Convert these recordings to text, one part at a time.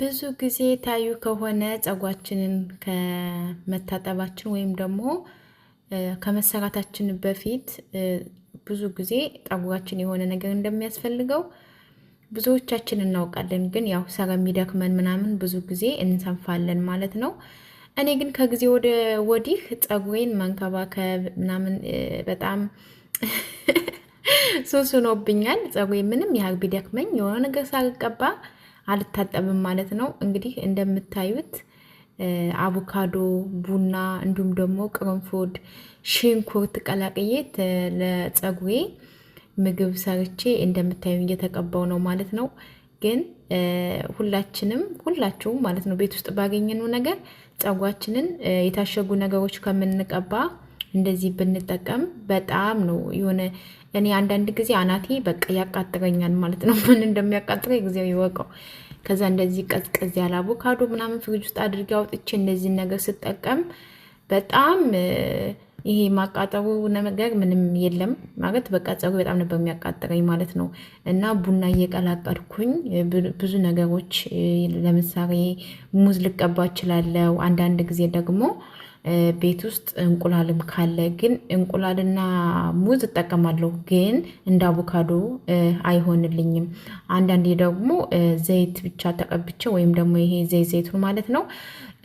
ብዙ ጊዜ ታዩ ከሆነ ጸጓችንን ከመታጠባችን ወይም ደግሞ ከመሰራታችን በፊት ብዙ ጊዜ ጠጉራችን የሆነ ነገር እንደሚያስፈልገው ብዙዎቻችን እናውቃለን። ግን ያው ሰረ የሚደክመን ምናምን ብዙ ጊዜ እንሰንፋለን ማለት ነው። እኔ ግን ከጊዜ ወደ ወዲህ ጸጉሬን መንከባከብ ምናምን በጣም ሱስ ጸጉሬ ምንም ያህል ቢደክመኝ የሆነ ነገር ሳልቀባ አልታጠብም ማለት ነው። እንግዲህ እንደምታዩት አቮካዶ፣ ቡና እንዲሁም ደግሞ ቅርንፉድ፣ ሽንኩርት ቀላቅዬ ለፀጉሬ ምግብ ሰርቼ እንደምታዩ እየተቀባው ነው ማለት ነው። ግን ሁላችንም ሁላችሁም ማለት ነው ቤት ውስጥ ባገኘነው ነገር ፀጉራችንን የታሸጉ ነገሮች ከምንቀባ እንደዚህ ብንጠቀም በጣም ነው የሆነ እኔ አንዳንድ ጊዜ አናቴ በቃ ያቃጥረኛል ማለት ነው። ምን እንደሚያቃጥረኝ ጊዜው ይወቀው። ከዛ እንደዚህ ቀዝቀዝ ያለ አቮካዶ ምናምን ፍሪጅ ውስጥ አድርጌ አውጥቼ እንደዚህ ነገር ስጠቀም በጣም ይሄ ማቃጠሩ ነገር ምንም የለም ማለት በቃ ጸጉ በጣም ነበር የሚያቃጥረኝ ማለት ነው። እና ቡና እየቀላቀልኩኝ ብዙ ነገሮች ለምሳሌ ሙዝ ልቀባ እችላለሁ። አንዳንድ ጊዜ ደግሞ ቤት ውስጥ እንቁላልም ካለ ግን እንቁላልና ሙዝ እጠቀማለሁ፣ ግን እንደ አቮካዶ አይሆንልኝም። አንዳንዴ ደግሞ ዘይት ብቻ ተቀብቼ ወይም ደግሞ ይሄ ዘይት ዘይቱን ማለት ነው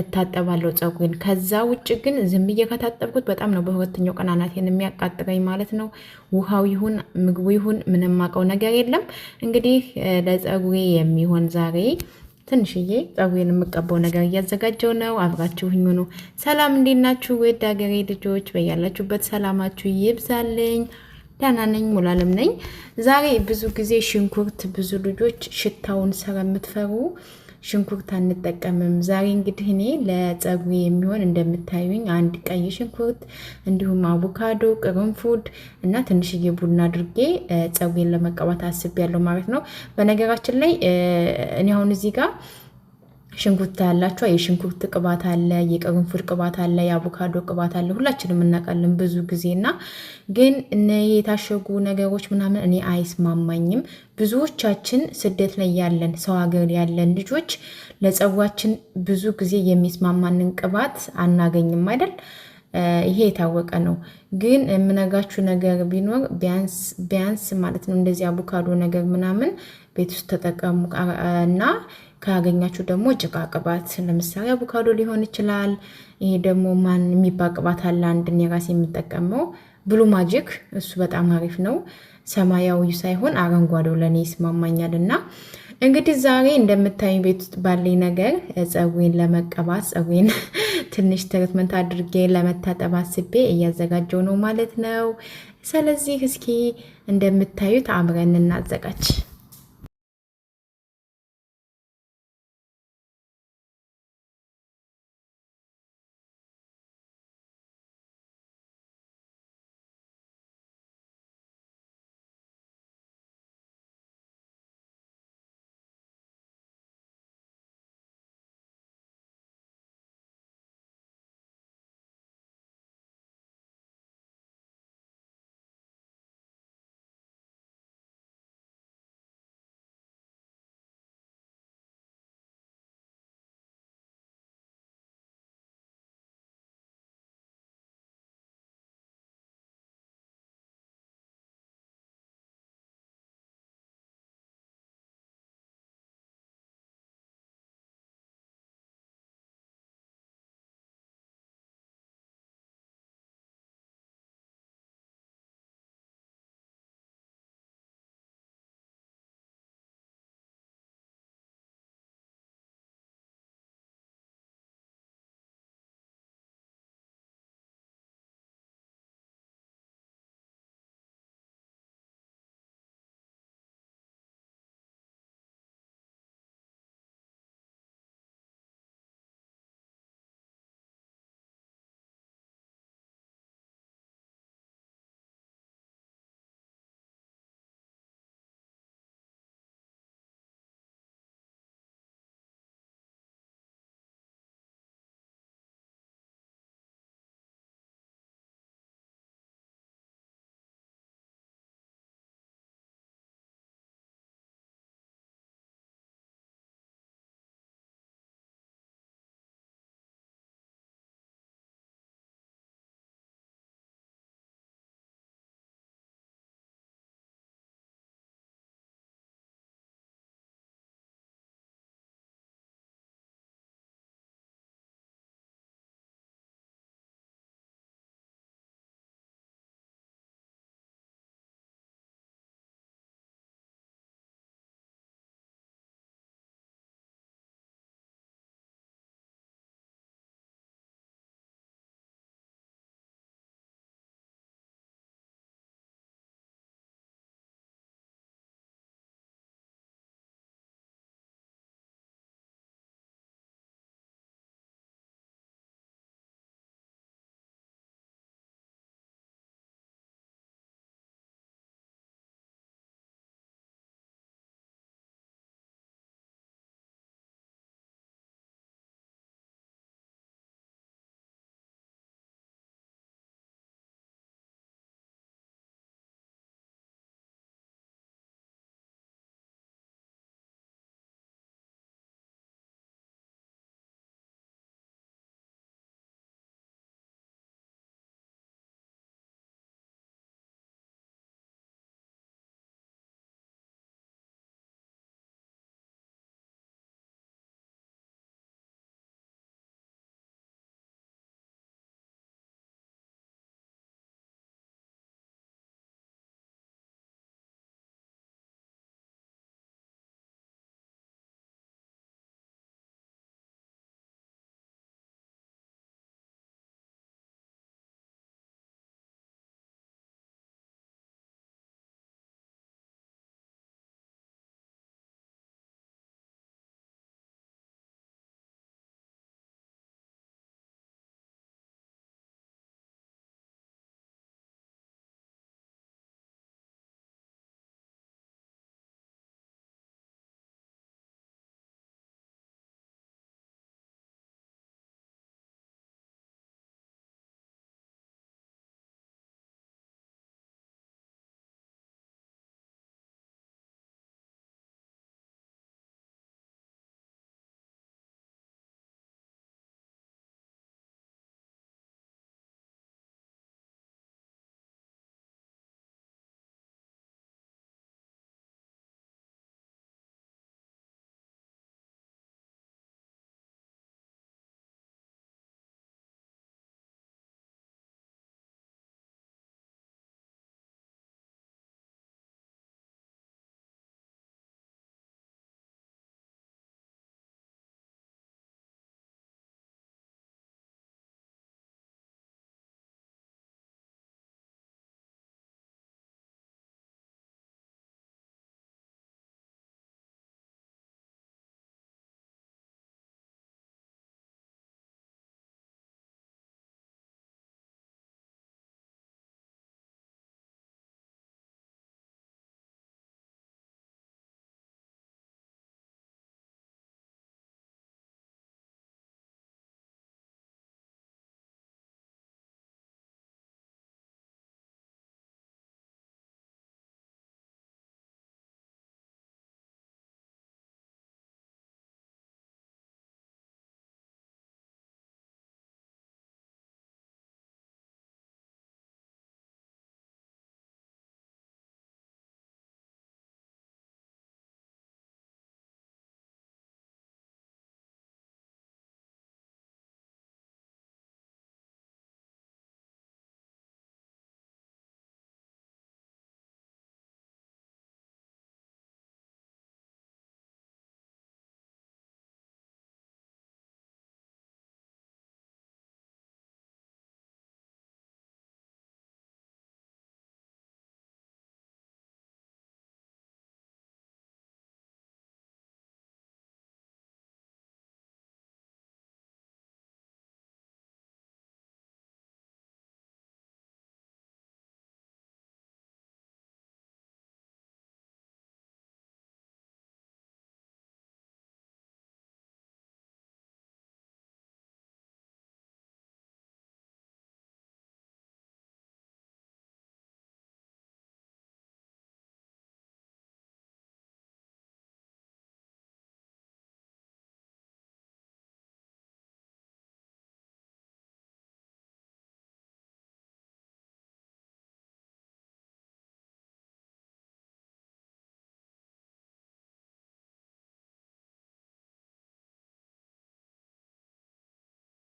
እታጠባለሁ ፀጉሬን። ከዛ ውጭ ግን ዝም ብዬ ከታጠብኩት በጣም ነው በሁለተኛው ቀን አናቴን የሚያቃጥለኝ ማለት ነው። ውሃው ይሁን ምግቡ ይሁን ምንም አውቀው ነገር የለም። እንግዲህ ለፀጉሬ የሚሆን ዛሬ ትንሽዬ ጸጉሬን የምቀባው ነገር እያዘጋጀው ነው። አብራችሁ ሁኑ። ሰላም እንዴት ናችሁ? ውድ ሀገሬ ልጆች በያላችሁበት ሰላማችሁ ይብዛልኝ። ደህና ነኝ፣ ሙላለም ነኝ። ዛሬ ብዙ ጊዜ ሽንኩርት ብዙ ልጆች ሽታውን ስለምትፈሩ ሽንኩርት አንጠቀምም። ዛሬ እንግዲህ እኔ ለፀጉ የሚሆን እንደምታዩኝ አንድ ቀይ ሽንኩርት እንዲሁም አቮካዶ፣ ቅርንፉድ እና ትንሽዬ ቡና አድርጌ ፀጉሬን ለመቀባት አስቤያለሁ ማለት ነው። በነገራችን ላይ እኔ አሁን እዚህ ጋር ሽንኩርት ያላችሁ የሽንኩርት ቅባት አለ፣ የቅርንፉድ ቅባት አለ፣ የአቮካዶ ቅባት አለ። ሁላችንም እናውቃለን ብዙ ጊዜ እና ግን እነ የታሸጉ ነገሮች ምናምን እኔ አይስማማኝም። ብዙዎቻችን ስደት ላይ ያለን ሰው ሀገር ያለን ልጆች ለጸጉራችን ብዙ ጊዜ የሚስማማንን ቅባት አናገኝም አይደል? ይሄ የታወቀ ነው። ግን የምነጋችሁ ነገር ቢኖር ቢያንስ ማለት ነው እንደዚህ አቮካዶ ነገር ምናምን ቤት ውስጥ ተጠቀሙ እና ካገኛችሁ ደግሞ ጭቃ ቅባት ለምሳሌ አቮካዶ ሊሆን ይችላል። ይሄ ደግሞ ማን የሚባል ቅባት አለ፣ አንድ እኔ ራሴ የምጠቀመው ብሉ ማጂክ፣ እሱ በጣም አሪፍ ነው። ሰማያዊ ሳይሆን አረንጓዴው ለእኔ ይስማማኛል እና እንግዲህ ዛሬ እንደምታዩ ቤት ውስጥ ባለኝ ነገር ፀጉሬን ለመቀባት ፀጉሬን ትንሽ ትሪትመንት አድርጌ ለመታጠብ አስቤ እያዘጋጀው ነው ማለት ነው። ስለዚህ እስኪ እንደምታዩት አብረን እናዘጋጅ።